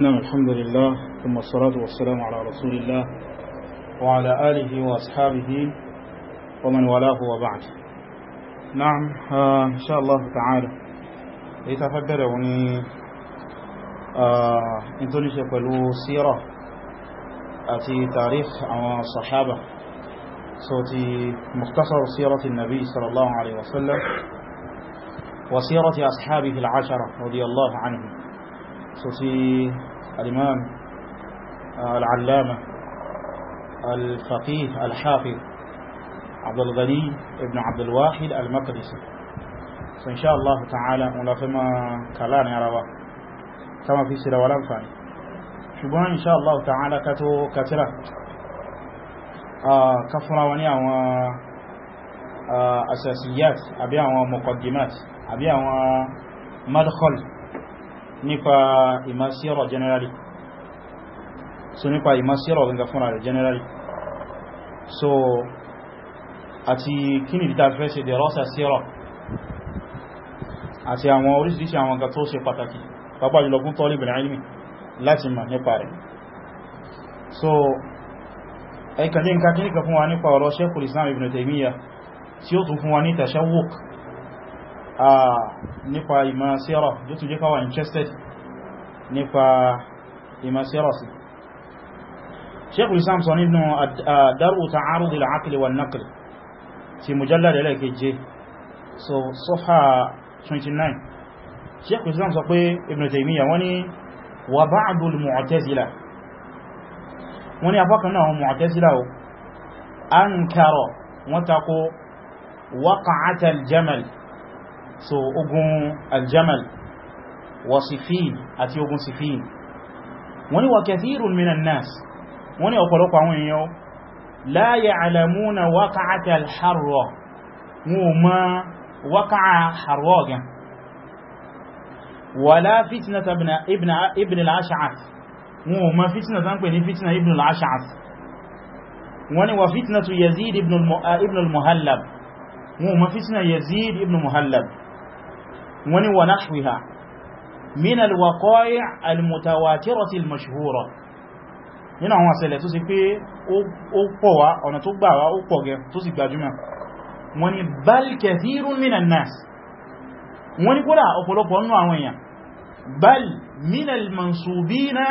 نعم الحمد لله ثم الصلاة والسلام على رسول الله وعلى آله وأصحابه ومن ولاه وبعد نعم آه، إن شاء الله تعالى يتفكروني يعني، انتوني آه، شكلوا سيرة أتي تاريخ عن الصحابة صوتي مختصر سيرة النبي صلى الله عليه وسلم وسيرة أصحابه العشرة رضي الله عنهم so ti al-imam al-allama al-faqih al-hafiz Abdul Ghani ibn Abdul Wahid al-Maqdisi so insha Allah ta'ala wọn lafi ma kala ni arawa ta ma fi sira wa lamfani ṣùgbọ́n insha Allah ta'ala ka katira ka fúnra wa ní asasiyat àbí àwọn muqaddimat àbí àwọn madkhal nípa ìmásíọ̀rọ̀ generally so nípa ìmásíọ̀rọ̀ gangan fúnra rẹ̀ generally so àti kí ni ìdíta fẹ́ ṣe dẹ̀rọ́sà síọ̀rọ̀ àti àwọn orísìírísìí àwọn nǹkan tó ṣe pàtàkì pàápàá jùlọ tọ́lì bẹ̀rẹ̀ ilmi nípa ìmọ̀ síọ̀rọ̀ yóò tún jẹ́ ká interested nípa ìmọ̀síọ̀sì Sheikhul Islam sọ nínú Dar'u Ta'arudil Aqli wan Naql ti mujallad ẹlẹ́keje so safha 29 Sheikhul Islam sọ pé Ibn Taymiyyah wọ́n ni wa ba'dul Mu'tazila wọ́n ni afọ́kan náà Mu'tazila o ankara wọ́n tako waqa'atal jamal so ogun aljamal wa sifin àti ogun sifin wọ́n ni wa kathirun minan nas wọ́n ni ọ̀pọ̀lọpọ̀ àwọn èèyàn la ya'lamuna waqa'ata al-harra wọn ò mọ̀ waqa'a harra gan wala fitnata ibn al-ash'ath wọn ò mọ̀ fitna tán pè ní fitna ibn al-ash'ath wọ́n ni wa fitnatu yazid ibn al-muhallab wọn ò mọ̀ fitna yazid ibn muhallab wọ́n ni wa nahwiha min alwaqai almutawatirati almashhura nínú àwọn àṣẹlẹ̀ tó sì pé ó pọ̀ wá ọ̀nà tó gbà wá ó pọ̀ gẹ tó sì gbajúmọ̀ wọ́n ni bal kathirun minan nas wọ́n ni kódà ọ̀pọ̀lọpọ̀ nínú àwọn èèyàn bal min almansubina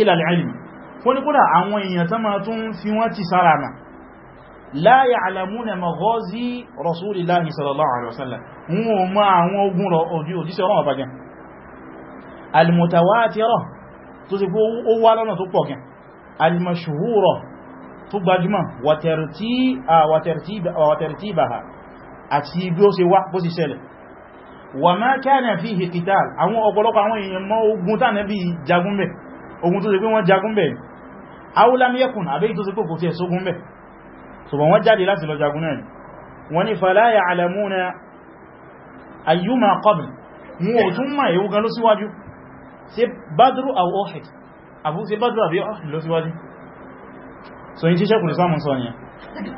ila alilm wọ́n ni kódà àwọn èèyàn tó máa tún fi wọ́n ti sára mà la ya'lamuna maghazi rasulillahi sallallahu alaihi wasallam wọn ò mọ àwọn ogun òjíṣẹ́ ọlọ́run ọba gan almutawatira tó sì fún ó wá lọ́nà tó pọ̀ kẹ almashhura tó gbajúmọ̀ wàtẹ̀rẹ̀tíbàá àti bí ó ṣe wá bó sì ṣẹlẹ̀ wà máa kana fihi qital àwọn ọ̀pọ̀lọpọ̀ àwọn èèyàn mọ́ ogun tánà bí jagunbẹ̀ ogun tó sì pé wọ́n jagunbẹ̀ aw lam yakun àbẹ́ tó sì pé kò tí ẹ̀sógún bẹ̀ ṣùgbọ́n wọ́n jáde láti lọ jagun náà wọ́n ni fala ya'lamuna ayyuma qabl wọn ò tún mọ̀ èwo gan ló síwájú ṣe bádúrú àwọn ọ̀hẹ̀ àbú ṣe bádúrú àbí ọ̀hẹ̀ ló síwájú so yí tí ṣẹ́kùn ìsámùn sọ ni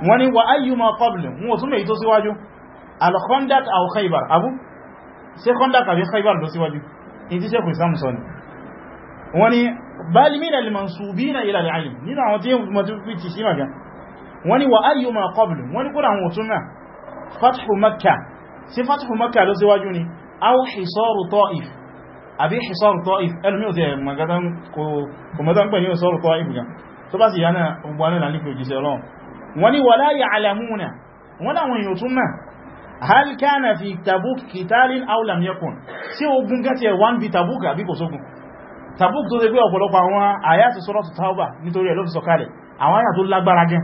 wọ́n ni wà áyù ma kọbùlù wọ́n tún lè tó síwájú al-Khandaq aw Khaybar àbú ṣe Khandaq àbí Khaybar ló síwájú yí tí ṣẹ́kùn ìsámùn sọ ni wọ́n ni balimina al-mansubina ila al-ilm nínú àwọn tí mo ti fi ti sí màgá wọ́n ni wà áyù ma kọbùlù wọ́n ni kúrò àwọn òtún náà fathu Makkah sí fathu Makkah ló síwájú ni aw hisaru Ta'if àbí hisaru Taif ẹlùmí ò tẹ́ kòmọ́dán pẹ̀lú hisaru Taif gan tó bá sì yánà ogun alẹ́ ìlànà ìpò ìjíṣẹ́ ọlọ́run wọ́n ni wala ya'lamuna wọ́n láwọn èèyàn tún náà hal kana fi Tabuk qitalin aw lam yakun sí ogun gẹ́tì ẹ̀ wọ́n bí Tabuk àbí kò sógun Tabuk tó ṣe pé ọ̀pọ̀lọpọ̀ àwọn àyàtì suratu Tauba nítorí ẹ̀ ló fi sọ̀kalẹ̀ àwọn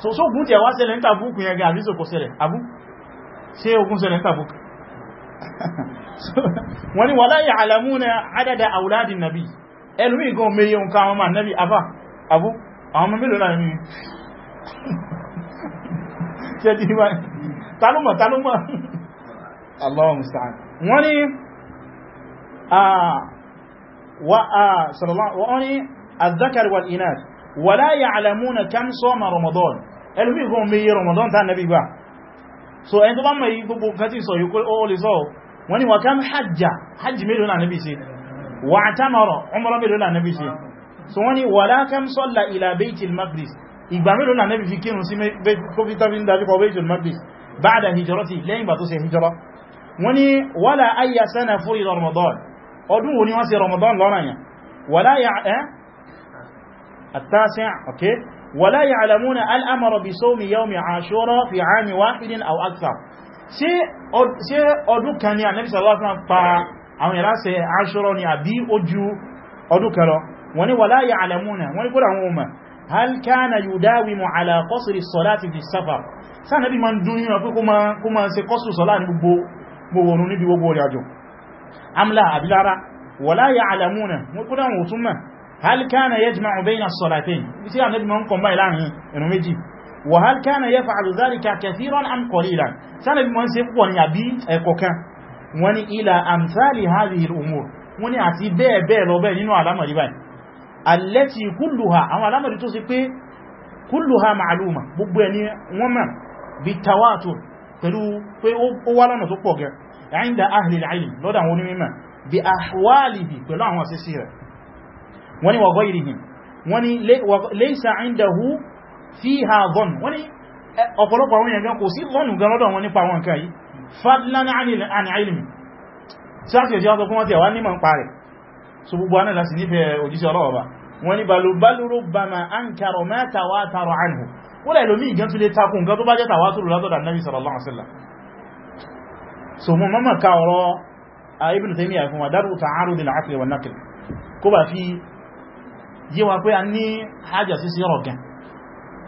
so tọ́wọ́ tí ẹ̀ wá ṣẹlẹ̀ ní Tabuk yẹn gan àbí sókò ṣẹlẹ̀ àbú ṣe ogun ṣẹlẹ̀ Tabuk wọ́n ni wala ya'lamuna adada auladin nabi ẹlùmí gan mẹ́yẹ nǹkan àwọn ọmọ nabi afá abú àwọn ọmọ mélòó láàrin mi ṣe jí wá tálùmọ̀ tálùmọ̀ Allahu musta'an wọ́n ni wọ́n ni az-zakar wal inath wala ya'lamuna kam ẹlùmí gan mẹ́yẹ Ramadan ta nabi gbà so ẹni tó bá mọ̀ yí gbogbo kẹtí sọ yíkó ó lè sọ wọ́n ni wà kán hajjá hajji mélòó náà níbi ṣe wà àtàmọ̀rọ̀ ọmọrọ̀ mélòó náà níbi ṣe so wọ́n ni wà lákán sọ́lá ilà baitul maqdis ìgbà mélòó náà níbi fi kírun sí kófítàbí dájúkọ baitul maqdis báadà hijira ti lẹ́yìn bá tó ṣe hijira wọ́n ni wà lá ayya sana fúri ramadan ولا يعلمون الامر بصوم يوم عاشوراء في عام واحد او اكثر ṣé ọdún kan ni Ànábì sallallahu alaihi wasallam pa àwọn yara ṣe Ashura ni àbí ojú ọdún kan lọ wọ́n ní wala ya'lamuna wọ́n ní kódà wọn mọ̀ hal kana yudawimu ala qasri as-salati fi as-safar sa nabi man dun yan pé kó má kó má ṣe qasru هل كان يجمع بين الصلاتين بيتي ان نجمع نكون باي لارين انو ميجي وهل كان يفعل ذلك كثيرا ام قليلا سنه بي مون سي بو ني ابي اكوكان وني الى امثال هذه الامور وني ati bẹ́ẹ̀ bẹ́ẹ̀ lọ bẹ́ẹ̀ nínú àlámọ̀rí báyìí allati kulluha àwọn àlámọ̀rí tó sì pé kulluha ma'luma gbogbo ẹni wọ́n mọ̀ bi tawatur pẹ̀lú pé ó wá lọ́nà tó pọ̀ gẹ́ 'inda ahli al-'ilm lọ́dọ̀ àwọn onímọ̀ bi ahwalihi pẹ̀lú àwọn àṣẹ́sí rẹ̀ wọ́n ni wàgọ́ ìrìhìn wọ́n ni lẹ́ìsà ìndàhú fi ha zọ́n wọ́n ni ọ̀pọ̀lọpọ̀ àwọn èèyàn kò sí zọ́nù gan lọ́dọ̀ wọn nípa wọn káyí fadlan an ilmi sáàtì òjì ọ̀sọ̀ fún wọn tí a wá ní mọ̀ ń parẹ̀ so gbogbo anáà láti nífẹ̀ẹ́ òjíṣẹ́ ọlọ́wọ́ ba wọ́n ni balúbalú rúbama an kẹrọ mẹ́ta wá tààrọ anhu ó lẹ́ lómi ìgán tún lè takùn gan tó bá jẹ́ tàwátùrù látọ̀dà nabi sallallahu alaihi wasallam so mo mọ́mọ̀ ka ọ̀rọ̀ ibn taymiyyah fún daru ta'arud al-aql wa an-naql kó fi yí wa pé a ní hajjá sí sí rọ̀gán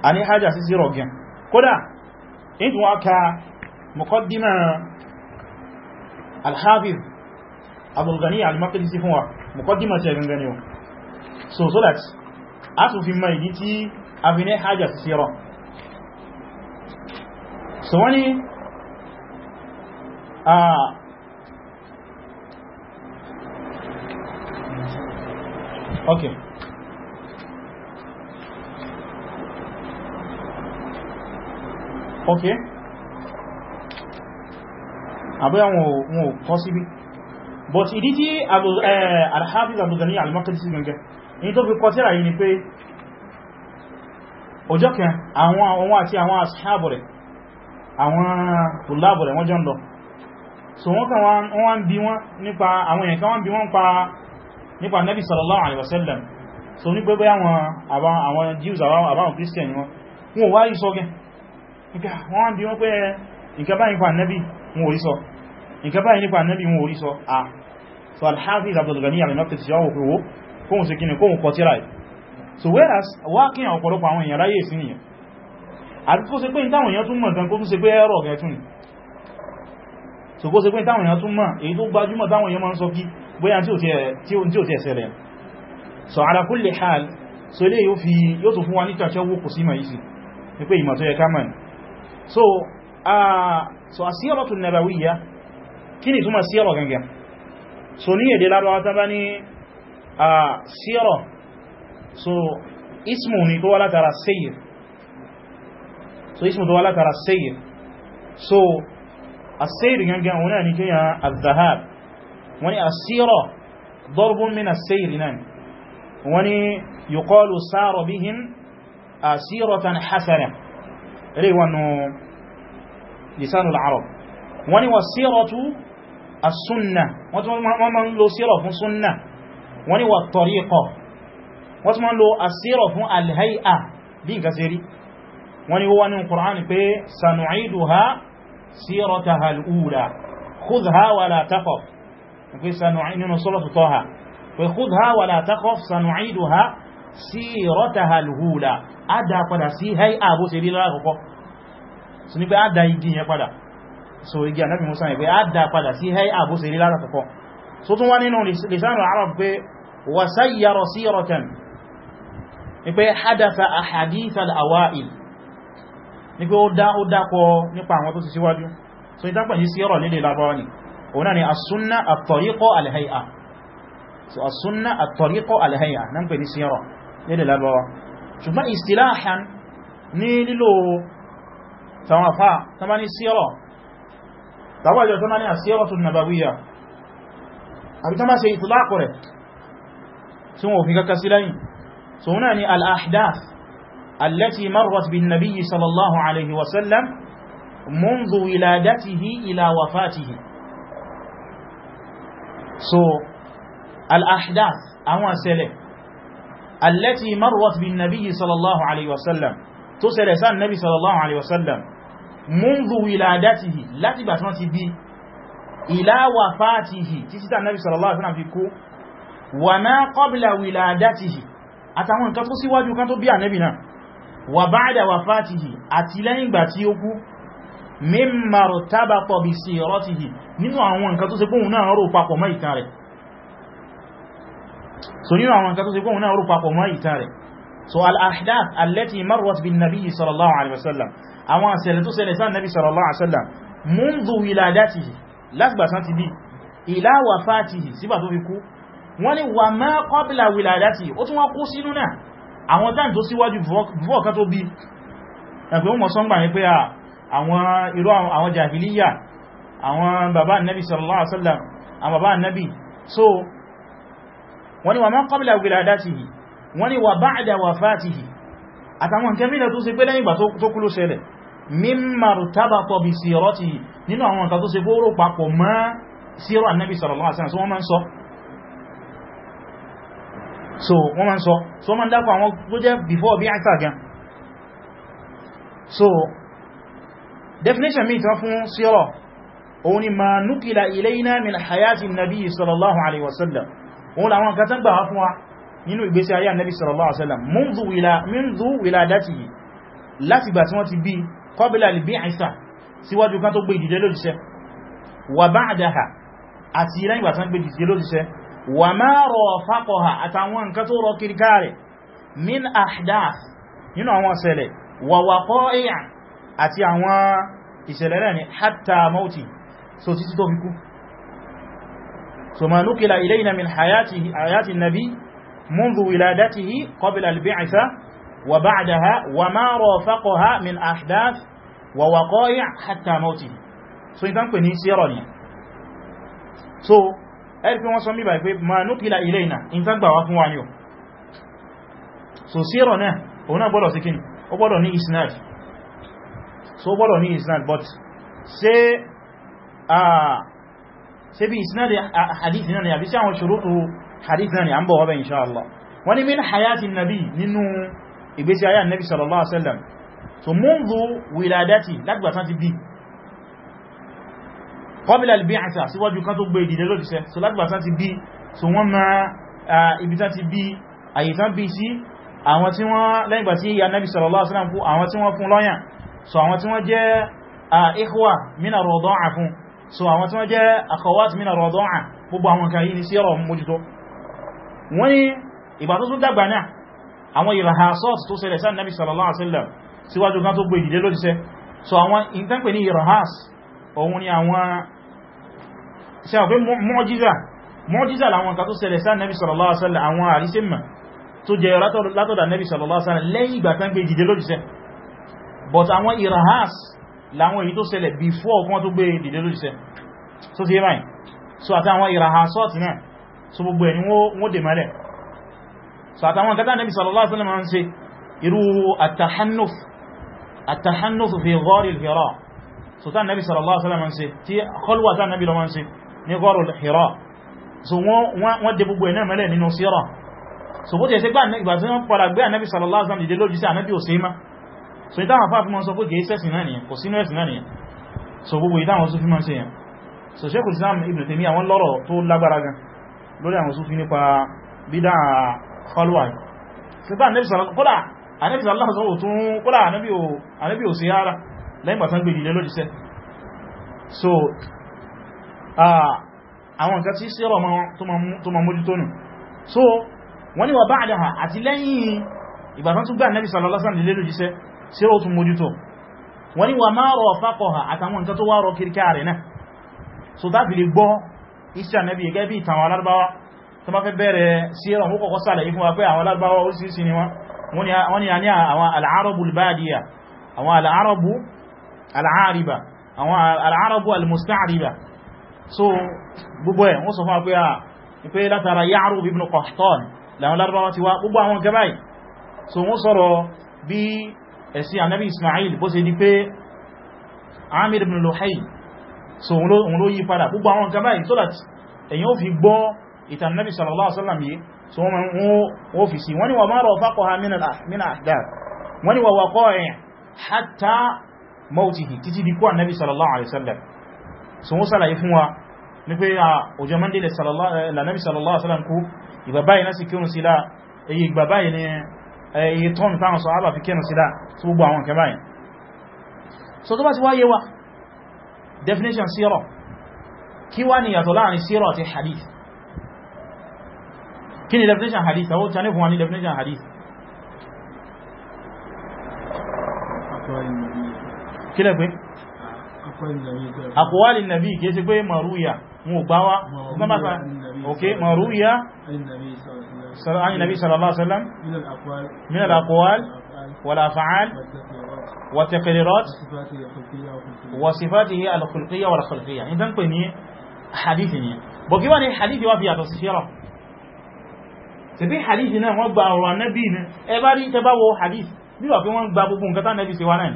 a ní hajjá sí sí rọ̀gán kódà in tún wá ka muqaddima al-Hafiz Abdul Ghani al-Maqdisi fún wa muqaddima tẹ gangane wa so so that a tún fi mai tí a fi ní hajjá sí sí rọ̀ so wani a okay ok àbúyà wọn ò kọ́ síbí but ìdí tí eh, al-Hafiz Abdul-Ghani al-Maqdisi gangan ní tó fi kọ́ síra yìí ni pé ọjọ́ kan àwọn àwọn àti àwọn ashabu rẹ̀ àwọn tùlábù rẹ̀ wọ́n jọ ń lọ so wọ́n kan wọ́n wá ń bi wọ́n nípa àwọn èèyàn kan wọ́n bi wọ́n pa nípa nabi sallallahu alaihi wasallam so ní pé bẹ́ àwọn àwọn Jews àwọn àwọn Christian wọn wọ́n wá rí sọ́gẹ́ ìgbà wọ́n bí wọ́n pé nǹkan báyìí nípa ànábì wọn ò rí sọ nǹkan báyìí nípa ànábì wọn ò rí sọ à so al-Hafiz Abdul Ghani àmì nọ́tẹ̀ sí ọwọ́ èèyàn se pé ìtàwọn èèyàn tún mọ̀ nǹkan kó tún se pé ẹ̀rọ ọ̀gẹ̀ tún so kó se pé ìtàwọn èèyàn tún mọ̀ èyí tó gbajúmọ̀ táwọn èèyàn máa ń sọ kí bóyá tí ò tí ẹ̀ ṣẹlẹ̀ so ala kulli hal so ilé yóò fi yóò tó fún wa ní kàṣẹ́ wó kò sí mà yìí sí pé ìmọ̀ tó yẹ ká mọ̀ so uh, so asírọ̀tù nabawiyya kí ni túnmà sírọ̀ gangan so ní èdè lábáwá ta bá ní uh, sírọ̀ so ismu ni tó wá látara sayyid so ismu tó wá látara sayyid so asayyid gangan wọn ni kíyà al-dhahab wani asírọ̀ darbun min asayyid nan wani yuqalu sara bihim asíratan uh, hasana ilé wannan lisanul arab wọ́n ni wà sírọ̀tú as-sunnah wọ́n tún ma ń lo sírọ̀ fún sunnah wọ́n ni wà tọ̀ríkọ̀ wọ́n tún ma ń lo asírọ̀ fún alhai'a bí n kasiri wọ́n ni wọ́n ni Qur'an pé sanu'iduha sírọ̀taha al'ula khudha wa la takhaf pé sanu'inu suratu Taha pé khudha wa la takhaf sanu'iduha sírọ̀taha al'ula a dá padà sí hai'a bó ṣe rí lára so ní pé á da igi yẹn padà so igi anábi musa yẹn pé á da padà sí hẹ́ àbúsẹ̀ rí lára kọ̀kọ́ so tún wá nínú lisanu arab pé wa sayyara siratan ní pé hadatha ahadith al-awa'il ní pé ó dá ó dákọ nípa àwọn tó ti síwájú so ìtàpẹ̀ ní sírọ̀ nílé labawa ni òun náà ni as-sunna tàwọn afá tàbá ní síọ́rọ̀ tàbájọ tó máa ní àsíọ́rọ̀ tó nàbàwíyà àbí tàbá ṣe ìtìláàkù rẹ̀ tí wọ́n fi kaka sí lẹ́yìn so náà ni al'ahdath allati marrat bin nabiyyi sallallahu alaihi wasallam منذ ولادته إلى وفاته so al'ahdath àwọn ṣẹlẹ̀ allati marrat bin nabiyyi sallallahu alaihi wasallam tó ṣẹlẹ̀ sáà nabi sallallahu alaihi wasallam mundu wiladatihi láti ìgbà tí wọ́n ti bí ila wafatihi títí tí Ànábì sallallahu alaihi wasallam fi kú wa ma qabla wiladatihi àtàwọn nǹkan tó síwájú kan tó bí Ànábì náà wa ba'da wafatihi àti lẹ́yìn ìgbà tí ó kú mimma irtabata bi siratihi nínú àwọn nǹkan tó ṣe pé òun náà rò papọ̀ mọ́ ìtàn rẹ̀ so nínú àwọn nǹkan tó ṣe pé náà rò papọ̀ mọ́ ìtàn rẹ̀ so al-ahdath allati bin nabiy sallallahu alaihi wasallam àwọn àṣẹlẹ̀ tó ṣẹlẹ̀ sáà nẹ́bí sallallahu alaihi wasallam mundu wiladatihi látìgbà sán ti bí ila wafatihi sígbà tó fi kú wọ́n ni wà ma qabla wiladatihi ó tún wọ́n kú sínú náà àwọn táìm tó síwájú vọ́ọ̀kan tó bí ẹgbẹ̀ mọ̀ sọ́ngbà sallallahu alaihi wasallam àwọn bàbá nẹ́bí so wọ́n ni wà ma qabla wiladatihi wọ́n ni wà ba'da wafatihi àtàwọn kẹmílẹ̀ tó sì pé lẹ́yìn ìgbà tó kú ló ṣẹlẹ̀ mímọ̀ tábàtọ̀ bí sírọ́tì nínú àwọn nǹkan tó ṣe fóró papọ̀ mọ́ sírọ̀ annabi sallallahu alaihi wasallam wọ́n máa so so máa ń dákọ̀ àwọn before bí àìsà so definition mi tán fún sírọ̀ òun ni ma nukila ilayna min hayati nabi sallallahu alaihi wasallam òun làwọn kan tán gbà wá fún wa nínú ìgbésí ayé annabi sallallahu alaihi wasallam mundu wila mundu láti gbà tí wọ́n ti bí kọ́bílà lè bí àìsà síwájú kan tó gbé ìdìdẹ lójíṣẹ́ wà bá àdáhà àti lẹ́yìn ìgbà tán gbé ìdìdẹ lójíṣẹ́ wà máa rọ̀ fákọ̀hà àtàwọn nǹkan tó rọ kiri káàrẹ̀ min ahdath nínú àwọn ṣẹlẹ̀ wà wà منذ ولادته قبل البعثة وبعدها وما رافقها من أحداث ووقائع حتى موته so in tanpe ni sira ni so er pe wọ́n sọ mi báyìí pé ma nukila ilaina in tan gba wa fún wa ni o so sira na o na gbọ́dọ̀ sikin ó gbọ́dọ̀ ní isnad so gbọ́dọ̀ ní isnad but ṣé ah ṣé bí isnad hadith náà ni àbí ṣé àwọn shurutu hadith náà ni an bo wa ba insha Allah wani min hayati ìgbésí ayé Ànábì sallallahu alaihi so mundu wiladati lágbàtán ti bí qabla al-bi'sa síwájú kan tó gbé ìdìdẹ lójíṣẹ́ so lágbàtán ti bí so wọ́n ma ibitán ti bí àyètán bí sí àwọn tí wọ́n lẹ́gbà tí Ànábì sallallahu alaihi wasallam fún àwọn tí wọ́n fún lọ́yàn so àwọn tí wọ́n jẹ́ so àwọn tí wọ́n jẹ́ akhawat mina rọ̀dọ́à gbogbo àwọn kan yìí ni sí ọ̀rọ̀ mójútó wọ́n ni ìgbà tó tún dàgbà àwọn ìràhásọ́t tó ṣẹlẹ̀ sáà nàbí sallallahu alaihi wasallam síwájú kan tó gbé ìdílé ló ṣiṣẹ́ so àwọn ìtànpẹ̀ ní ìràhás òun ni àwọn ṣe àwọn pé mu'jiza mu'jiza làwọn kan tó ṣẹlẹ̀ sáà nàbí sallallahu alaihi wasallam àwọn àrísẹ́mà tó jẹ látọ̀dà nàbí sallallahu alaihi wasallam lẹ́yìn ìgbà tán gbé ìdílé but àwọn ìràhás làwọn èyí tó ṣẹlẹ̀ before kan tó gbé ìdílé ló so ti yé so àti àwọn ìràhásọ́t náà so gbogbo ẹ̀ ni wọ́n dè so àtàwọn kátà nabi sallallahu alaihi wasallam ń ṣe irú at-tahannuf at-tahannuf fi ghar al-hira so ta nabi sallallahu alaihi wasallam ń ṣe tí khalwa ta nabi lọ ń ṣe ní ghar al-hira so wọ́n dé gbogbo ẹ̀nà mẹ́lẹ̀ nínú síra so bó ti ẹ̀ṣẹ́ gbà ìgbà tí wọ́n padà gbé ànábì sallallahu alaihi wasallam dìde lójú sí ànábì ò sí má so ìtàwọn afá fún wọn sọ pé gẹ̀ẹ́ sẹ́sìn náà nìyẹn kọlùwà sípá ànẹ́bì aláhùsọ́wò tún kọ́lá ànẹ́bì ò sí ara lẹ́yìn bàtán gbé ìdílé lójíṣẹ́ so àwọn nǹkan tí sí ọ̀rọ̀ tó ma mójútó nù so wọ́n ni wà bá àdáhà àti lẹ́yìn ìbàtán tún gbé ànẹ́bì sàlọ́lásàn ìdílé lójíṣẹ́ sí ó tún mójútó wọ́n ni wà máa rọ̀ fákọ̀ọ̀hà àtàwọn nǹkan tó wá rọ kiri káàrẹ̀ náà so dábìlì gbọ́ iṣẹ́ ànẹ́bì gẹ́gẹ́ bí ìtàwọn alárúbáwá tó máa fẹ́ bẹ̀rẹ̀ sí ẹ̀rọ mú kọ̀kọ́ sàlẹ̀ ìfún wa pé àwọn alágbàwà ó sì sí ni wọ́n ni a ní àwọn al'arabu al àwọn al'arabu al'ariba àwọn al'arabu al so gbogbo ẹ̀ wọ́n sọ fún apé a pé látara Ya'rub ibn Qahtan láwọn larabawa ti wá gbogbo so wọ́n sọ̀rọ̀ bí ẹ̀sí anabi Ismail bó ṣe di pé so òun ló yí padà gbogbo àwọn so that èyàn ó fi ìtàn nabi sallallahu alaihi wasallam yìí so wọ́n fi sí wọ́n ni wà máa rọ̀ fákọ̀ ha mina ahdar wọ́n ni wà wà kọ́ ẹ̀ hatta mautihi títí di kúwà nabi sallallahu alaihi wasallam so wọ́n sàlàyé fún wa ní pé a ọjọ́ mọ́ndé la nabi sallallahu alaihi wasallam kú ìgbàbáyé náà sì kírun sí lá èyí ìgbàbáyé ni èyí tọ́nù táwọn ti wáyé wa definition sírọ̀ kí wá ni yàtọ̀ láàrin sírọ̀ àti hadith kí ni definition hadith àwọn tàní fún wa ní definition hadith kí lẹ́ pé àkọwàlì nàbí kìí sí pé maruya mú gbá wá gbámásá ok maruya sọ́rọ̀ nàbí sallallahu ala'asallam min al-aqwal wal-af'al wat-taqrirat wa sifatihi al-khulqiyya wal-khulqiyya in tan pè ní hadith ni bọ̀kí wá ní hadith wá fi yàtọ̀ sí ṣíra tẹ̀bí hadith náà wọ́n gba ọ̀rọ̀ anábì ní ẹbá rí tẹbá wọ hadith nígbà pé wọ́n gba gbogbo nǹkan tánàbì sí wa náà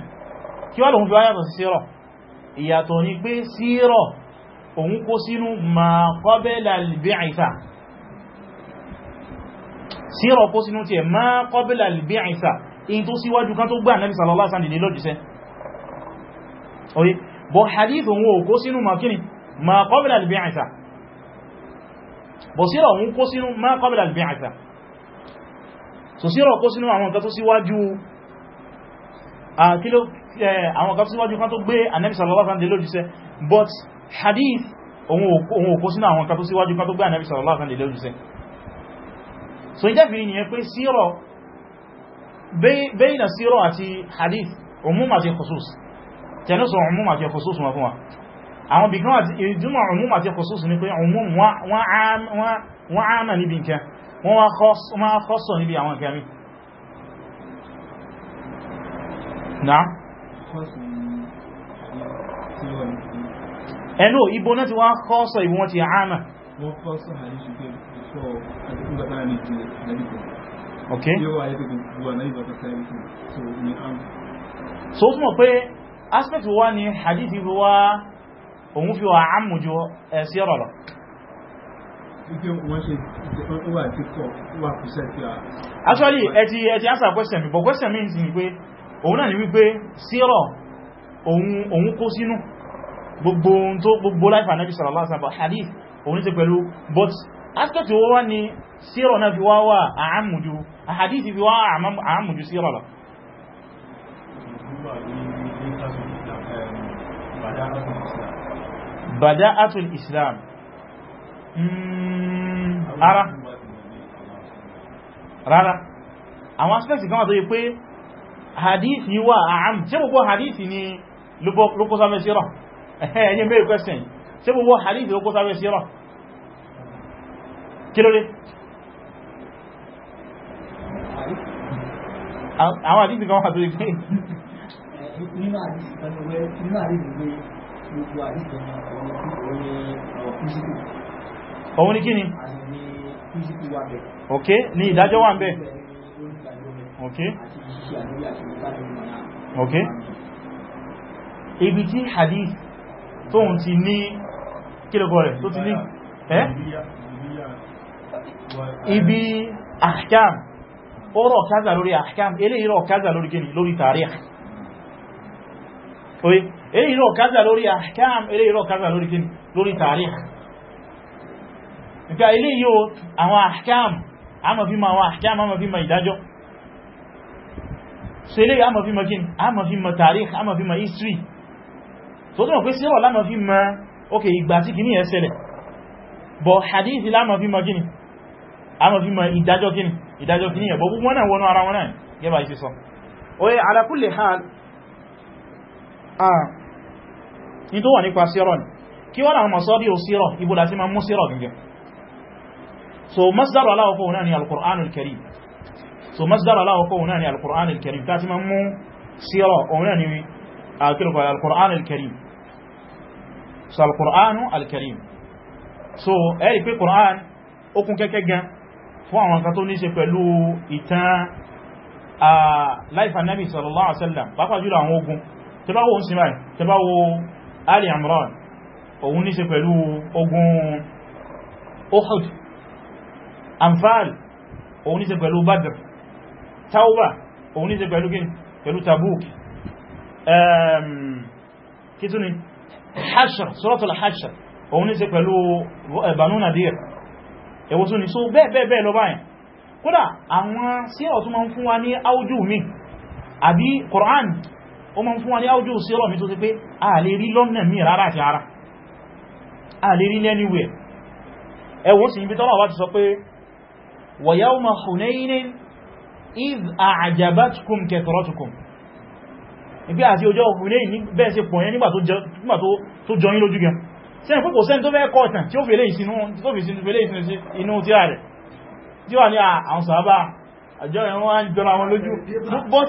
kí wọ́n lòun fi wáyàtọ̀ sí sírọ̀ ìyàtọ̀ ni pé sírọ̀ òun kó sínú ma qabla al-bi'tha sírọ̀ kó sínú tiẹ̀ ma qabla al-bi'tha in tó síwájú kan tó gbà anábì sallallahu alaihi wasallam oye bọ̀ bọ̀ síra òun kó sínú ma qabla al-bi'tha so síra kó sínú àwọn nǹkan tó síwájú àwọn nǹkan tó síwájú kan tó gbé Ànábì sallallahu alaihi wasallam lójúṣẹ́ but hadith òun ò kó sínú àwọn nǹkan tó síwájú kan tó gbé Ànábì sallallahu alaihi wasallam lójúṣẹ́ so ìjẹ́fìrí nìyẹn pé síra bayna síra àti hadith umum àti khusus tẹ̀lọ́sọ̀ umum àti khusus wọn fún wa àwọn bí kan ìjúmọ̀ ọmọ àti kòsùsù ní pé wọ́n áàmà níbi nǹkan wọ́n wá kọ́sọ̀ níbi àwọn nǹkan mi náà ẹnú ìbò náà ti wá kọ́sọ̀ ìbò wọn ti áàmà Okay. So, fún mọ̀ pé aspect wa ni hadithi wa òun fi wà ámù ju ẹ̀sí ọ̀rọ̀ lọ actually ẹti ẹti answer question mi but question means ni pé òun náà ni wípé sírọ̀ òun kó sínú gbogbo ohun tó gbogbo life and nabi sallallahu alaihi hadith òun ṣe pẹ̀lú but aspect owó wá ni sírọ̀ náà fi wá wà hadith fi wá àámùjú sírọ̀ lọ Bàdá bada'atul islam hmm, ara rárá àwọn aspects kan wà tó yí pé hadith yí wà àám tí gbogbo hadith ni lókósáfẹ́ síra ẹ̀yẹ mẹ́rin question tí gbogbo hadith lókósáfẹ́ síra kí ló dé àwọn hadith kan wà tó yí pé nínú hadith òun ni kí ni ok ni ìdájọ́ wà ń bẹ ok ok ibi tí hadith tóhun ti ní kílọ̀kọ̀ rẹ̀ tó ti ní ẹ́ ibi ahkam ó rọ̀ káza lórí ahkam eléyìí rọ̀ káza lórí gini lórí tarikh oye eléyìí náà káza lórí ahkam eléyìí náà káza lórí kíni lórí tarikh nípa eléyìí o àwọn ahkam a ma fi ma àwọn ahkam a ma fi ma ìdájọ́ so eléyìí a ma fi ma kíni history so tó mọ̀ pé síwọ̀ lá ma fi ma ok ìgbà tí kíní yẹn ṣẹlẹ̀ bọ̀ hadith lá ma fi ma kíni a ma fi ma ìdájọ́ kíni ìdájọ́ kíní yẹn bọ̀ gbogbo wọn náà ah ní tó wà nípa sírọ̀ ní kí wọ́n àwọn masọ́dí ò sírọ̀ ibò láti ma mú sírọ̀ gẹ́gẹ́ so masdar aláwọ̀kọ́ náà ni alkùránul karim so masdar aláwọ̀kọ́ náà ni alkùránul karim ta ti ma mú sírọ̀ òun náà ni akílùkọ̀ alkùránul so alkùránul karim so ẹ̀rí pé kùrán ó kún kẹ́kẹ́ gan fún àwọn kan tó ní ṣe pẹ̀lú ìtàn a láìfà nabi sallallahu alaihi wasallam pàápàá jùlọ àwọn ogun tẹbáwò ń sin báyìí Ali Imran òun ní ṣe pẹ̀lú ogun Uhud Anfal òun ní ṣe pẹ̀lú Badr Tauba òun ní ṣe pẹ̀lú gini pẹ̀lú Tabuk ehm, kìtúni Hashr Suratul Hashr òun ní ṣe pẹ̀lú eh, Banu Nadir ẹwọ́sún ni so bẹ́ẹ̀bẹ́ẹ̀ lọ báyìí kódà àwọn sí ó máa ń fún wa ní áójú sí ọ̀rọ̀ mi tó ti pé a lè rí lọ́nà mí rárá àti ara a lè rí anywhere ẹwọ́ sí ibi tọ́lọ̀ wá ti sọ pé wa yawma Hunainin idh a'jabatkum kathratukum ìbí àti ọjọ́ Hunain bẹ́ẹ̀ sí pọ̀ yẹn nígbà tó jọyín lójú gan sẹ́yìn púpọ̀ ní àwọn sàábà but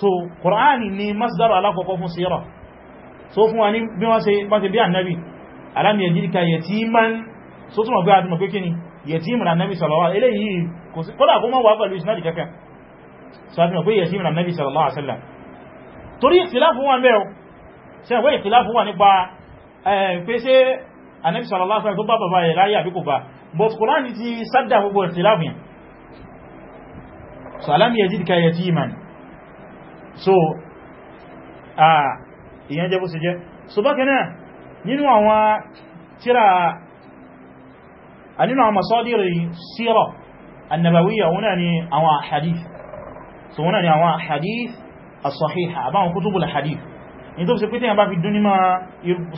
so Qur'ani ni masdar alákọ̀ọ́kọ́ fún síra so fún wa ní bí wọ́n ṣe bá ṣe bí annabi alam yajidika yatiman so tún ọgbẹ́ adúmọ̀ pé kí ni yatiman annabi sallallahu eléyìí kò sí kọ́lá kó mọ́ wà pẹ̀lú isnadi kẹfẹ́ so adúmọ̀ pé yatiman annabi sallallahu alaihi wasallam torí ìtìláfún wa mẹ́rọ ṣe àwọn ìtìláfún wa nípa pé ṣe annabi sallallahu alaihi wasallam tó bá bàbá yẹ láyé àbíkò bá but Qur'ani ti sadda gbogbo ìtìláfún yẹn so alam yajidika yatiman so ìyẹn jẹ́ bó ṣe je. so bákan náà nínú àwọn tíra a nínú àwọn masadiri síra annabawiyya wọ́nà ni àwọn hadith so wọ́nà ni àwọn hadith as-sahiha àbáwọn kutubul hadith ní tó ṣe pé tíyàn bá fi dún níma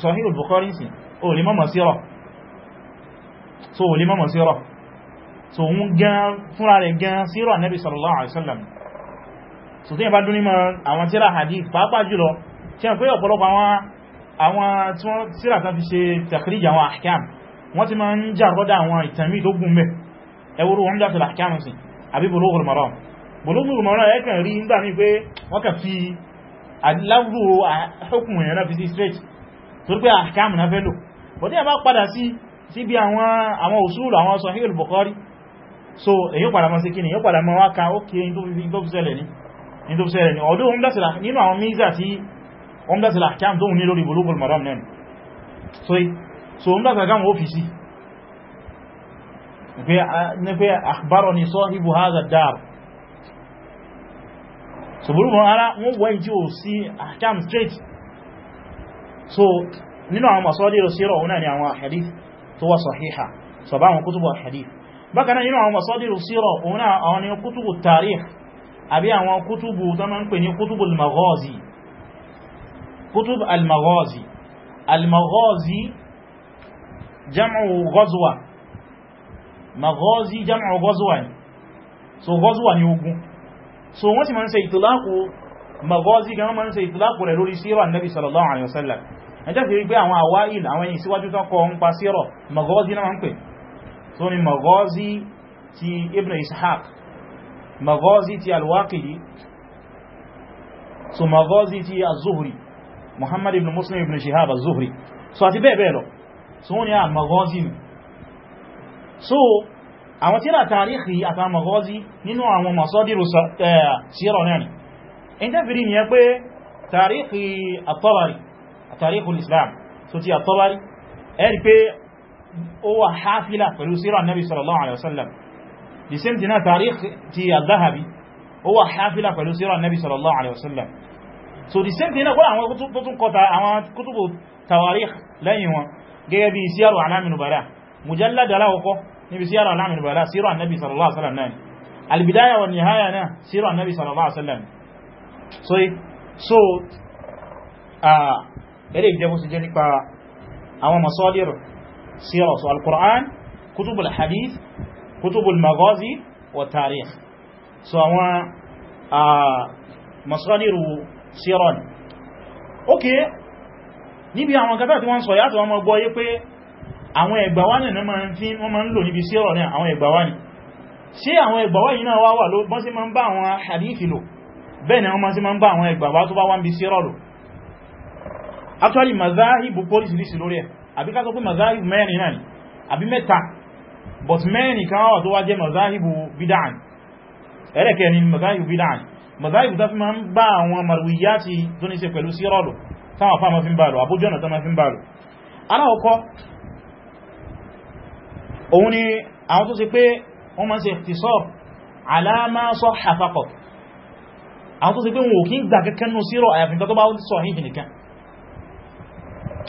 sahihul bukhari sí o lè mọ́mọ̀ síra so o lè mọ́mọ̀ so wọ́n gan fúnra rẹ̀ gan síra annabi sallallahu alaihi wasallam so tí yẹn bá dún ní mọ́ àwọn tíra hadith pàápàá jùlọ tí yẹn pé ọ̀pọ̀lọpọ̀ àwọn tíra kan fi ṣe takhrij àwọn ahkam wọ́n ti máa ń jà rọ́dá àwọn ìtàmì tó gùn mẹ́ ẹwúrú wọn dáfẹ́ ahkam sí àbí bulughul maram bulughul maram ẹ kàn rí nígbà mí pé wọ́n kà fi aláwúrò hukumu yẹn sí straight torí pé ahkam na fẹ́ lò bọ́dí yẹn bá padà sí sí bí àwọn usul àwọn sahih al-Bukhari so èyí padà mọ́ sí kí ni èyí padà mọ́ wá ka ó kí ẹni tó ni ní tó sẹ́rẹ̀ ní ọdún ọmọdásílá nínú àwọn míza tí ọmọdásílá kíám tó ní lórí Bulughul Maram nẹ́nu so ọmọdásílá káàmù ó fi sí ní pé akhbarani sahibu hadha dar so Bulughul Maram ara wọ́n wọ́n tí ó sí kíám straight so nínú àwọn masadiru sira òun náà ni àwọn hadith tó wà sahiha so bá àwọn kútùbù hadith bákanáà nínú àwọn masadiru sira òun náà àwọn kútùbù tarikh àbí àwọn kútùbù tó máa ń pè ní kútùbù al-maghazi kútùbù al-maghazi al-maghazi jam'u ghazwa maghazi jam'u ghazwa ni so ghazwa ni ogun so wọ́n sì máa ń ṣe ìtìláàkù maghazi gan máa ń ṣe ìtìláàkù rẹ̀ lórí síra annabi sallallahu alaihi wasallam ẹjẹ́ fi rí pé àwọn àwáìl àwọn maghazi ti al-waqidi so maghazi ti az-zuhri muhammad ibn muslim ibn shihab az-zuhri so àti bẹ́ẹ̀ bẹ́ẹ̀ lọ so wọ́n ni a maghazi ni so àwọn tíra tàríkì àti maghazi nínú àwọn masadiru síra náà ni in tafiri ni ya pé tàríkì at-tabari tàríkì islam so ti at-tabari ẹ̀rí pé ó wà hafila pẹ̀lú síra nabi sallallahu alaihi wasallam the same thing náà tarikh ti al-Dhahabi ó wà hafila pẹ̀lú nabi sallallahu alaihi wasallam so the same thing náà kọ́lá àwọn tó tún kọta àwọn kútùbù tawarikh lẹ́yìn wọn gẹ́gẹ́ bí síyàrù alamin nubala mujallada aláwọ̀kọ́ níbi síyàrù alamin nubala síra nabi sallallahu alaihi wasallam náà al-bidaya wa nihaya náà síra nabi sallallahu alaihi wasallam so so ẹ̀rẹ́ ìjẹ́bó sí jẹ́ nípa àwọn masọ́lẹ̀rọ̀ síra so al-Qur'an kútùbù kutubul maghazi wa tarikh so àwọn masadiru siran ok níbi àwọn kátà tí wọ́n sọ yàtọ̀ ọmọ gbọ́ yé pé àwọn ẹgbàwà ní wọ́n ma ń lò níbi siran ní àwọn ẹgbàwà ní ṣe àwọn ẹgbàwà náà wá wà ló bọ́n sí ma ń bá àwọn hadithi lò bẹ́ẹ̀ ni wọ́n ma ń bá àwọn ẹgbàwà actually mazahibu polisi lórí ẹ̀ àbí ká sọ pé mazahibu mẹ́rin náà but mẹ́rin kan wà tó wá jẹ́ mazahibu bid'an ẹ̀rẹ́kẹ́ ni mazahibu bid'an mazahibu ta fi ma ń bá àwọn marwiyati tó ní ṣe pẹ̀lú sí rọ́lù táwọn fáma fi ń bá lò àbójọ́nà tó ma fi ń bá lò aláwọ̀kọ́ òun ni àwọn tó ṣe pé wọ́n ma ń ṣe ikhtisar ala ma àwọn tó ṣe pé wọn ò kí ń gbà kẹ́kẹ́ nù sírọ̀ àyàfin tó bá sọ hìhì nìkan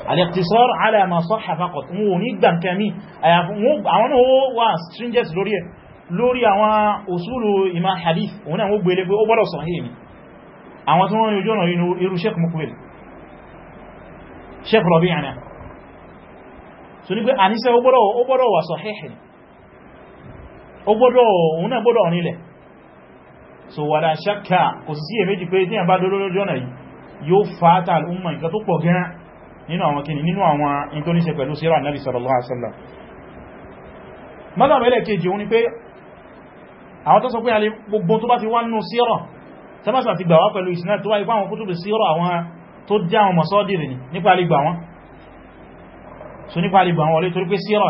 al-iqtisar ala ma sahha faqat wọn ò ní gbà nǹkan mí àwọn náà wà stringent lórí ẹ̀ lórí àwọn usulu ìmá hadith òun náà wó gbélé pé ó gbọ́dọ̀ sahih ni àwọn tí wọ́n ní ojú ọ̀nà irú sheik mukwil sheik rabi ana so ní pé a níṣẹ́ ó gbọ́dọ̀ wà sahih ni kò sí èméjì pé tí a yìí yóò fàátà al'umma nǹkan tó pọ̀ gan nínú àwọn kíni nínú àwọn in tó ní ṣe pẹ̀lú síra Nabi sallallahu alaihi wasallam mọ́lọ̀rọ̀ ẹlẹ́kejì òun ni pé àwọn tó sọ pé alẹ́ gbogbo tó bá ti wá nínú síra tẹ́mọ́sà ti gbà wá pẹ̀lú ìsiná tó wáyé fáwọn kútùbù síra àwọn tó jẹ́ àwọn mọ̀sọ́dìrì ni nípa alẹ́ gbà wọn so nípa alẹ́ gbà wọn wọlé torí pé síra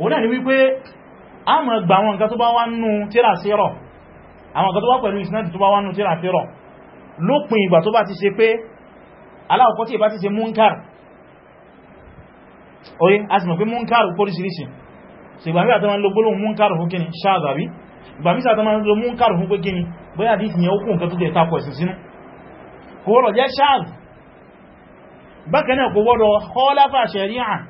òun náà ni wípé a mọ̀ gbà àwọn nǹkan tó bá wá nú tíra sírọ̀ àwọn nǹkan tó wá pẹ̀lú ìsinájì tó bá wá nú tíra sírọ̀ lópin ìgbà tó bá ti ṣe pé aláwọ̀kọ́ tí ìbá ti ṣe múnkar oye lo gbólóhùn múnkar fún kíni ṣáàzàbí ìgbà mí lo múnkar fún pé kíni bóyá àdísì yẹn ó kún nǹkan tó jẹ ìtakọ̀ ẹ̀sìn sínú kò wọ́rọ̀ jẹ́ ṣáàz bákan náà ṣẹ̀ríà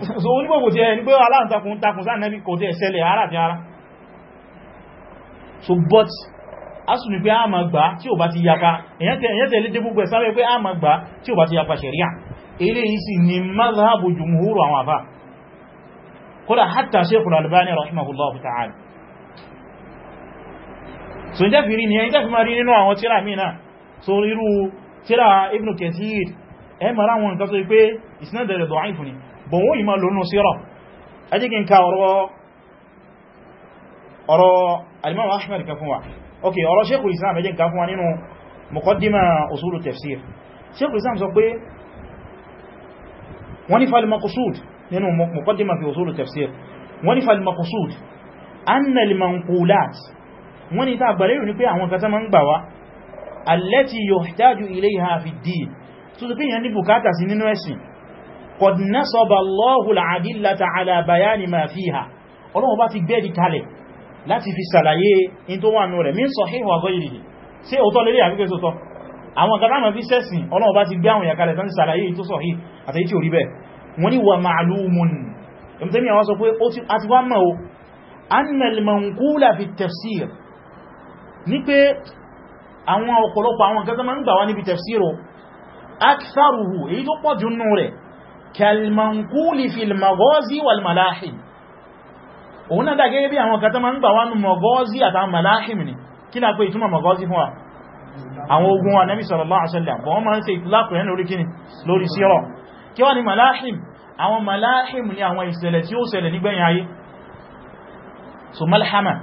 so onígbòkò tí ẹni pé aláǹtakùn takùn sáà nẹ́bí kò tí ẹ̀ sẹ́lẹ̀ ara ara so but asùn ni pé a ma gbà tí ò bá ti yapa èyàn tẹ̀lé dé gbogbo ẹ̀sáwẹ́ pé a ma gbà tí ò bá ti yapa ṣẹ̀ríà eléyìí sì ni mazhabu jùmúhúrù àwọn àfà kódà hatta Sheikhul Albani rahimahullahu ta'ala so jẹ́fì so irú tíra bọ̀ wọ́n yìí máa lónú síra ajíkin ka ọ̀rọ̀ alimọ́wọ́ ahmed kan fún wa ok ọ̀rọ̀ sheikhul islam ẹjẹ́ kan fún wa nínú muqaddima usulu tafsir sheikhul islam sọ pé wọ́n ní falmaqsud nínú muqaddima fi usulu tafsir wọ́n ní falmaqsud anna al-manqulat wọ́n ní ta gbàrẹ́rù ní pé àwọn قد nasaba الله al على بيان ما فيها. fiha Ọlọ́run bá ti gbé di kalẹ̀ láti fi ṣàlàyé in tó wà nù rẹ̀ min sahih wa ghayrihi ṣé òótọ́ lélẹ̀ àbí kò tọ́ àwọn gàdámà fi sẹ́sìn Ọlọ́run bá ti gbé àwọn ìyàkalẹ̀ tán ti ṣàlàyé tó sahih àtàyí tí ò rí bẹ́ẹ̀ wọ́n ni wà ma'lumun ìmtẹ́mí àwọn sọ pé ó ti àti wá mọ̀ o annal manqula fi kẹlmankúlì fil maghazi wal malahim òun náà dàgẹ́ bí àwọn kàtà máa ń gbà wánú maghazi àtàwọn malahim ni kí lápẹ́ ìtumọ̀ maghazi fún wa àwọn ogun wa nabi sallallahu alaihi wasallam wọ́n máa ń ṣe ìtìlápẹ̀ yẹn lórí kíni lórí sírọ̀ kí wá ni malahim àwọn malahim ni àwọn ìṣẹ̀lẹ̀ tí ó ṣẹlẹ̀ nígbẹ̀yìn ayé so malhama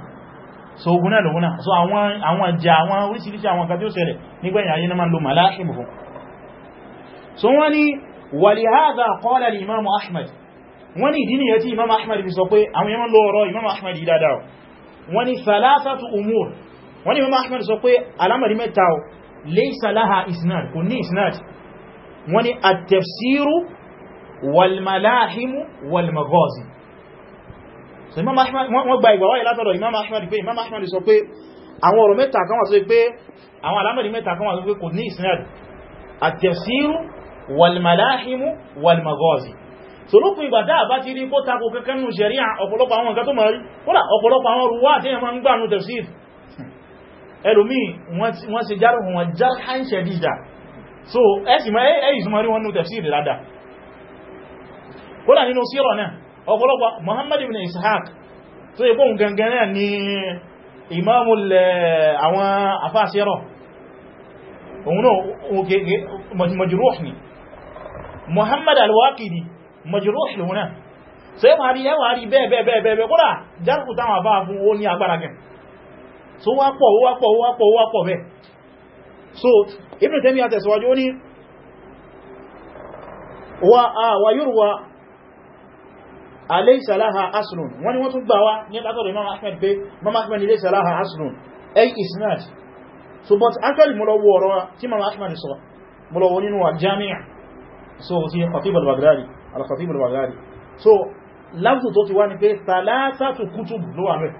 so ogun náà lòun náà ولهذا قال الإمام أحمد wọ́n ní ìdíni yẹtí imam ahmad fi sọ pé àwọn yẹmọ́ lọ ọ̀rọ̀ imam ahmad yìí dáadáa wọ́n ní salasatu umur wọ́n ní imam ahmad sọ pé alamari mẹ́ta o laysa laha isnad kò ní isnad wọ́n ní at-tafsiru walmalahimu walmaghazi so imam ahmad wọ́n gba ìgbàwáyé látọ̀dọ̀ imam ahmad pé imam ahmad sọ pé àwọn ọ̀rọ̀ mẹ́ta kan wà sọ pé àwọn alamari mẹ́ta kan wà sọ pé kò ní isnad at-tafsiru walmalahimu walmaghazi so lókùn ìgbà dáa bá ti rí kó tako kankan nù ṣẹ̀ríà ọ̀pọ̀lọpọ̀ àwọn nǹkan tó mọ̀ rí kódà ọ̀pọ̀lọpọ̀ àwọn ruwá àti ẹ̀mọ́ ń gbà nù tafsir ẹlòmí wọ́n ṣe járù wọn jarhan shadida so ẹ̀yìn súnmọ́ rí wọn nù tafsir rádà kódà nínú sírọ̀ náà ọ̀pọ̀lọpọ̀ Muhammad ibn Ishaq tó yẹ kóhun gangan náà ni imamul àwọn afáṣẹ́rọ̀ òun náà majruh ni Muhammad al-Waqidi majruh luna so yẹ wà rí ẹwà rí bẹ́ẹ̀bẹ́ẹ̀bẹ́ẹ̀ kódà járùkù táwọn àbá fún ó ní agbára gẹn so wá pọ̀ wá pọ̀ wá pọ̀ wá pọ̀ bẹ́ẹ̀ so Ibn Taymiyyah tẹ̀síwájú ó ní wà yurwa alaysa laha aslun wọ́n ni wọ́n tún gbà wá ní látọ̀dọ̀ Imam Ahmad pé Imam Ahmad alaysa laha aslun ay isnad so but actually mo lọ wọ ọ̀rọ̀ tí Imam Ahmad sọ mo lọ wọ nínú al-Jami' so ti Khatib al-Baghdadi al-Khatib al-Baghdadi so láwùsù tó ti wá ní pé sàlásàtù kútùb ló wà mẹ́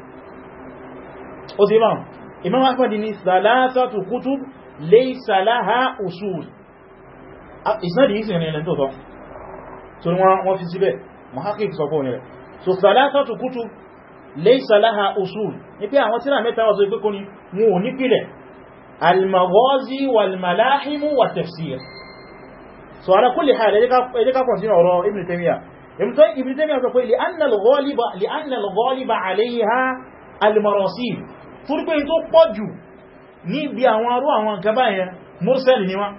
ó sì máa Imam Ahmad ní sàlásàtù kútùb laysa laha usul ìsìnàdì ah, yìí sì rìn ẹ̀lẹ́ tótọ́ tó ní wọ́n fi síbẹ̀ mahakik sọ fún rẹ̀ so sàlásàtù kútùb laysa laha usul ní pé àwọn tíra mẹ́ta wà tó ipé kó ni wọn ò nípìlẹ̀ al-Maghazi wal-Malahim wa tafsir so ala kulli hal ele ka continue ọ̀rọ̀ ibn taymiya ibn taymiya ibn taymiya sọ pé li anna al-ghaliba li anna al-ghaliba alayha al-marasib fún pé tó pọ̀jù ní bí àwọn arú àwọn nǹkan báyẹn mursal ni wọ́n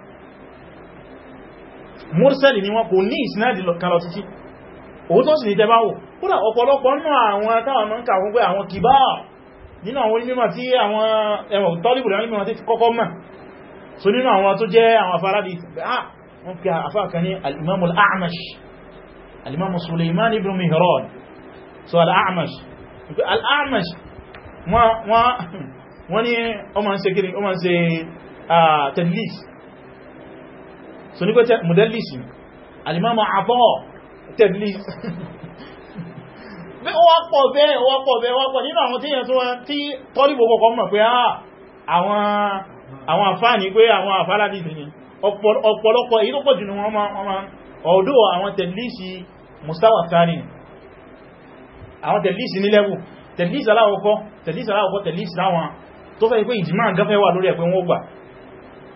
mursal ni wọ́n kò ní isnad lo kan lo títí o to si ni te bawo kódà ọ̀pọ̀lọpọ̀ nínú àwọn táwọn mọ̀ nka fún pé àwọn kiba nínú àwọn mimo tí àwọn ewo tolibul àwọn mimo tí kọ́kọ́ so nínú àwọn tó jẹ́ àwọn faradi ah wọ́n pè àfá kan ní al-imam al-a'mash al-imam suleiman ibn mihran so al-a'mash al-a'mash wọ́n ní ọmọ ṣe kiri ọmọ ṣe tadlis so ní pẹ́ mudallisi al-imam ata tadlis wọ́pọ̀ bẹ́ẹ̀ wọ́pọ̀ bẹ́ẹ̀ wọ́pọ̀ nínú àwọn tíyàn tó wọ́n tí tọ́lì gbogbo kan mọ̀ pé àwọn àfáà ní pé àwọn àfáà ládìí ni ọ̀pọ̀lọpọ̀ èyí tó pọ̀ jù wọn ma ọ̀dọ́ àwọn tẹ̀lísì mustawa tani àwọn tẹ̀lísì ní lẹ́wù tẹ̀lísì aláwọ̀kọ́ tẹ̀lísì aláwọ̀kọ́ tẹ̀lísì láwọn tó fẹ́ pé ìjìmá gafẹ́ wà lórí ẹ̀pẹ́ wọ́n gbà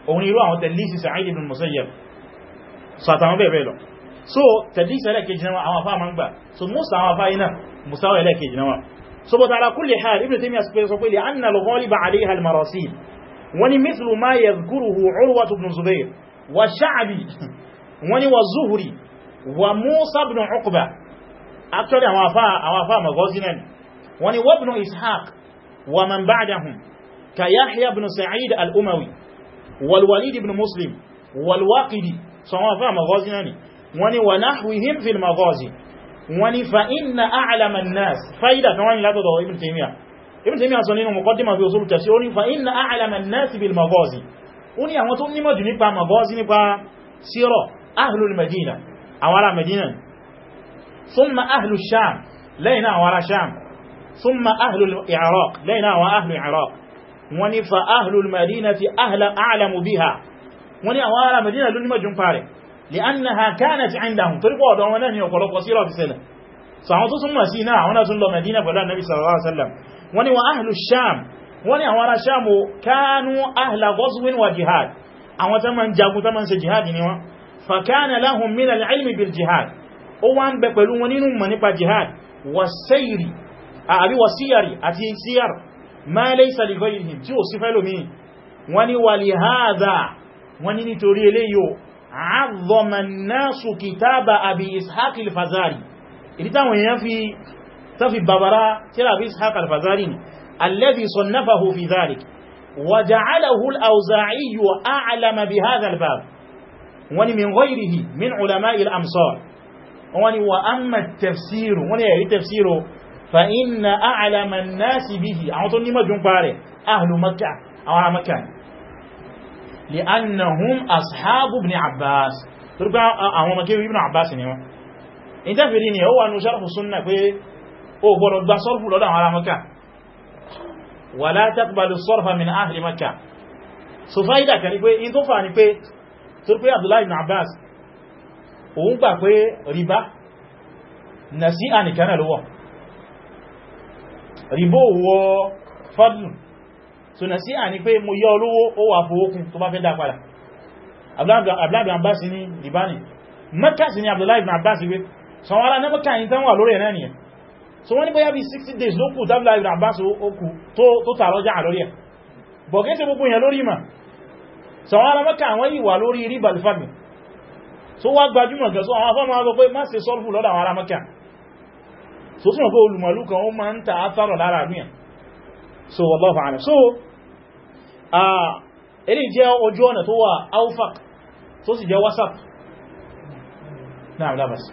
òun irú àwọn tẹ̀lísì Sa'id ibn Musayyab sàtàwọn bẹ́ẹ̀ bẹ́ẹ̀ lọ so tẹ̀lísì ẹlẹ́kejì náà àwọn afá ma ń gbà so musa àwọn afá iná musawa ẹlẹ́kejì náà so bọ̀tà ala kulli hal Ibn Taymiyyah sọ pé li anna al-ghaliba alayha al wọ́n ni mithlu ma yadhkuruhu Urwa ibn Zubayr wa Sha'bi wọ́n ni wa Zuhri wa Musa ibn Uqba actually àwọn afá magazinan wọ́n ni wa ibn Ishaq wa man ba'dahum ka Yahya ibn Sa'id al-Umawi wal Walid ibn Muslim wal Waqidi so àwọn afá magazinan wọ́n ni wa nahwihim fil magazi wọ́n fa inna a'lama an-nas fa'ida kan wọ́n ni látọ̀dọ̀ Ibn Taymiyyah Ibn Taymiyyah sọ nínú muqaddimah fi usul tafsir ó ní fa inna a'lama an-nas bil maghazi ó ní àwọn tó nímọ̀ jù nípa maghazi nípa sírọ̀ ahlul madina àwọn ará madina thumma ahlu sham lẹ́yìn àwọn sham thumma ahlul iraq lẹ́yìn àwọn ahlul iraq wọ́n ní fa ahlul madina ti a'lamu biha wọ́n ní àwọn ará madina wọ́n ni wọ́n ahlu sham wọ́n ni àwọn ará sham o kánú ahla ghazwin wa jihad àwọn tó máa ń jagun tó máa ń ṣe jihad ni wọ́n fa kana lahum min al-ilmi bil jihad ó wá ń bẹ pẹ̀lú wọn nínú mọ̀ nípa jihad wasayri تفي ببرا ترى في إسحاق الفزارين الذي صنفه في ذلك وجعله الأوزاعي أعلم بهذا الباب وني من غيره من علماء الأمصار وني وأما التفسير وني يعني تفسيره فإن أعلم الناس به أعطوني ما جنباره أهل مكة أو على مكة لأنهم أصحاب ابن عباس تربع أهو مكة ابن عباس إنت فريني هو أنه شرح السنة ó gbọ́dọ̀ gba sọ́rfù lọ́dọ̀ àwọn ará maka wala taqbalu sọ́rfà min ahli maka so fáyídà kan ní pé in tó fà ní pé tó pé Abdullahi ibn Abbas òun gbà pé riba nasi'a nìkan náà lówọ́ ribo wọ fadlu so nasi'a ní pé mo yọ olówó ó wà fowókun tó bá fẹ́ dá padà Abdullahi ibn Abbas ní riba ni maka sí ni Abdullahi ibn Abbas gbé sanwara na maka yìí tán wà lórí ẹ̀ náà nìyẹn so wọ́n ní bóyá bí 60 days ló kù tábílá ibn Abbas okù tó tààrọ já àlórí ẹ̀ bọ̀gẹ́ tí gbogbo èèyàn lórí ma so wọ́n alamọ́ka àwọn ìwà lórí rí balifami so wá gbajúmọ̀ gẹ̀ so àwọn afọ́mọ́ sọ pé má ṣe sọ́rùfù lọ́dọ̀ àwọn alamọ́ka so tí wọ́n pé olùmọ̀lú kan ó ma ń ta àtàrọ̀ lára àmìyàn so wallahu a'lam so eléyìí jẹ́ ojú ọ̀nà tó wà aufak tó sì jẹ́ whatsapp náà lábàs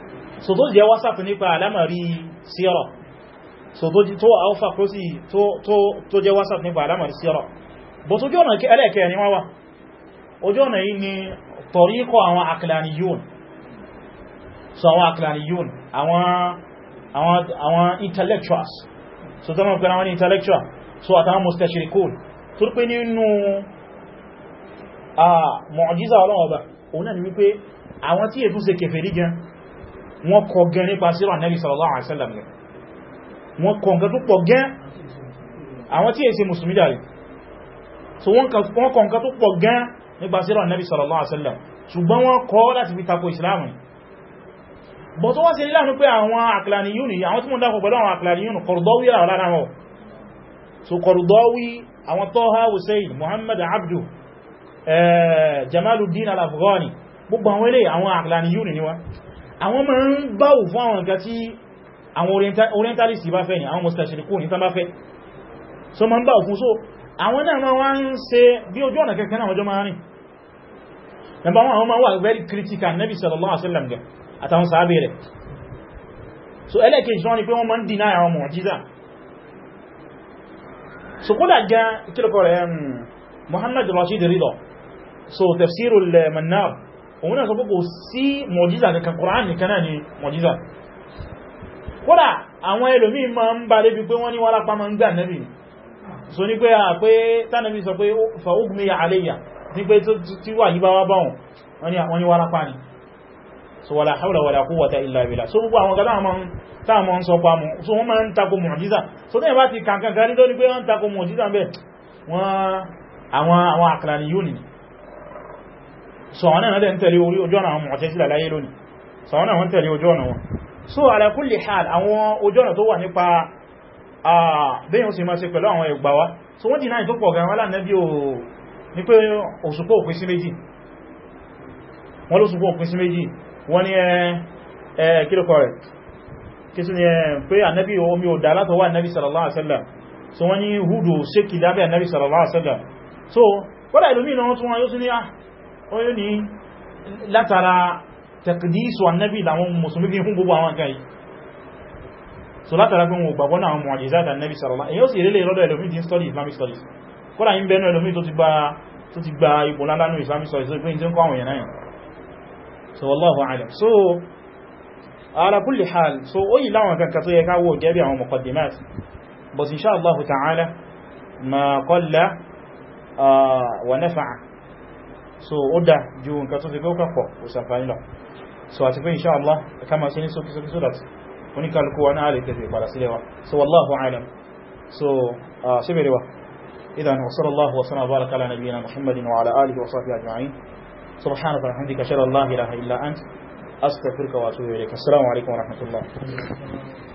so tó sì jẹ́ whatsapp nípa alamari sírọ̀ so tó jí tó alfa kó sí tó jẹ́ whatsapp nípa alamar sira bó tó jọ́nà ẹlẹ́ẹ̀kẹ́ ni wáwá ojú ọ̀nà yìí ni tọ̀ríkọ̀ àwọn akìlàniyún so àwọn akìlàniyún àwọn intellectuals so tó mọ̀ pẹ̀lú àwọn intellectual so àtàwọn mustashirikun tó rí pé nínú ah, mọ̀jíza ọlọ́ọ̀bá òun náà ni wípé àwọn tí ètù ṣe kèfèrí gan wọ́n kọ gan nípa síra Nabi sallallahu alaihi wasallam wọ́n kọ nǹkan tó pọ̀ gán àwọn tí èsì musulmi dàrí so wọ́n kọ nǹkan tó pọ̀ gán nípa síra nabi sallallahu alaihi wasallam ṣùgbọ́n wọ́n kọ láti fi tako islam bọ̀ tó wá sí níláàánú pé àwọn àkìlànìyún àwọn tí mo dákọ̀ pẹ̀lú àwọn àkìlànìyún Qardawi àwọn lára wọn so Qardawi àwọn Taha Hussein Muhammad Abdu Jamaluddin al-Afghani gbogbo àwọn ilé àwọn àkìlànìyún ni wọ́n àwọn máa ń báwò fún àwọn nǹkan tí àwọn orientalist bá fẹ́ ni àwọn mustachiriku ní tán bá fẹ́ so ma ń bá òfin so àwọn náà máa wọ́n ń ṣe bí ojú ọ̀nà kẹ́kẹ́ náà ọjọ́ máa rìn nàbà wọn àwọn máa wà very critical nabi sallallahu alaihi wasallam gẹ̀ àtàwọn sàábẹ̀ rẹ̀ so ẹlẹ́kẹ̀ẹ́jì wọ́n ni pé wọ́n máa ń dínà àwọn mọ̀jíza so kódà gan kílùkọ̀ rẹ̀ um, Muhammad Rashid so tafsirul Manar òun náà sọ pé kò sí mọ̀jíza kankan Qur'an nìkan kódà àwọn ẹlòmí ma ń bá débi pé wọ́n ní wárápá ma ń gbà nẹ́bì so ní pé a pé tánàbí sọ pé fa'ugmi alayya ní pé tí wà yí bá wá báwọn wọ́n ní ni wala hawla wala quwwata illa billah so gbogbo àwọn gada ma ń táàmọ́ ń sọ pa mọ́ so wọ́n ma ń tako mọ̀jíza so ní ẹ̀bá ti kankan gari lórí pé wọ́n tako mọ̀jíza bẹ́ wọ́n àwọn àkàràní yóò ni so àwọn náà dẹ̀ ń tẹ̀lé orí ojú ọ̀nà àwọn mọ̀tẹ́sílẹ̀ náà wọ́n tẹ̀lé ojú ọ̀nà wọn so ala kulli hal àwọn ojọ́nà tó wà nípa bẹ́yàn sì máa ṣe pẹ̀lú àwọn ẹgbà wá so wọ́n dìnà ìtò pọ̀ gan wọ́n lánàbí ní pé òṣùpá òpin sí méjì wọ́n ló ṣùpá òpin sí méjì wọ́n ní ẹ kílùkọ rẹ̀ kí sí ni pé o omi ò dá látọwà nabi sallallahu alaihi wasallam so wọ́n ní húdù sékì lábẹ́ nabi sallallahu alaihi wasallam so wọ́n dà ìlú mí náà tún wọ́n yóò sí ní ah ó yóò ní látara tẹ̀kìdísù annabi làwọn musulmi fi fún gbogbo àwọn kan yìí so látara fún wọn gbàgbọ́n àwọn mọ̀jízáta annabi sallallahu èyí ó sì rẹ̀lẹ̀ lọ́dọ̀ ẹlòmí tí ń study islamic studies kọ́lá yí ń bẹ̀rẹ̀ ẹlòmí tó ti gba ipò lálánú islamic studies pé tí so wallahu alam so ala kulli hal so ó yìí láwọn kankan tó yẹ ká wò gẹ́bí àwọn muqaddimat but insha Allah ta'ala ma qalla ah, wa nafa'a so ó dá ju nǹkan tó fi kọ́kọ́ pọ̀ òsànfà nílọ so àti pé inṣáàlá ká máa ṣe ní sókísókí so that oníkàlùkù wa náà ale te para sílẹ̀ wa so wallahu alam so ṣe bẹ̀rẹ̀ wa idan wasallallahu wasu na baraka ala nabiyina muhammadin wa ala alihi wa sahbihi ajma'in subhanaka wa hamdika shalla la ilaha illa ant astaghfiruka wa atubu ilayk assalamu alaikum wa rahmatullah